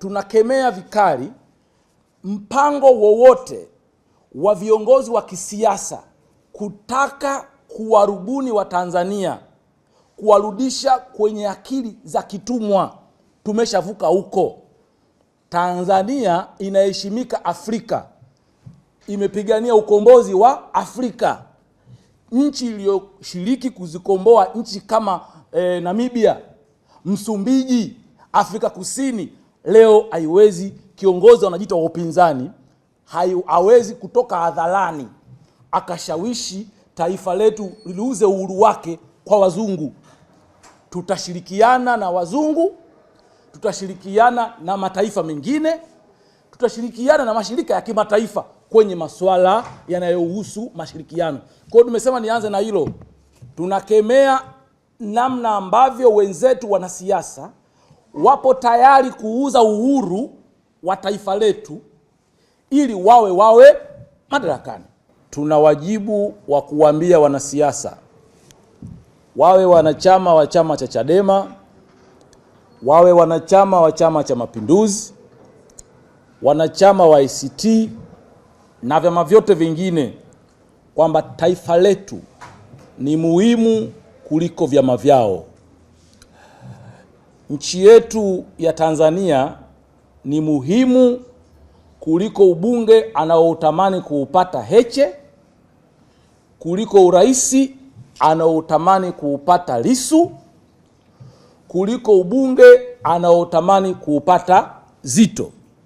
tunakemea vikali mpango wowote wa viongozi wa kisiasa kutaka kuwarubuni Watanzania, kuwarudisha kwenye akili za kitumwa. Tumeshavuka huko. Tanzania inaheshimika Afrika, imepigania ukombozi wa Afrika, nchi iliyoshiriki kuzikomboa nchi kama e, Namibia, Msumbiji, Afrika Kusini leo haiwezi kiongozi wanajiita wa upinzani hawezi kutoka hadharani akashawishi taifa letu liuze uhuru wake kwa wazungu. Tutashirikiana na wazungu, tutashirikiana na mataifa mengine, tutashirikiana na mashirika ya kimataifa kwenye masuala yanayohusu mashirikiano. kwao tumesema, nianze na hilo, tunakemea namna ambavyo wenzetu wanasiasa wapo tayari kuuza uhuru wa taifa letu ili wawe wawe madarakani. Tuna wajibu wa kuwaambia wanasiasa wawe wanachama wa chama cha Chadema, wawe wanachama wa Chama cha Mapinduzi, wanachama wa ACT na vyama vyote vingine kwamba taifa letu ni muhimu kuliko vyama vyao nchi yetu ya Tanzania ni muhimu kuliko ubunge anaoutamani kuupata Heche, kuliko uraisi anaoutamani kuupata Lisu, kuliko ubunge anaotamani kuupata Zito.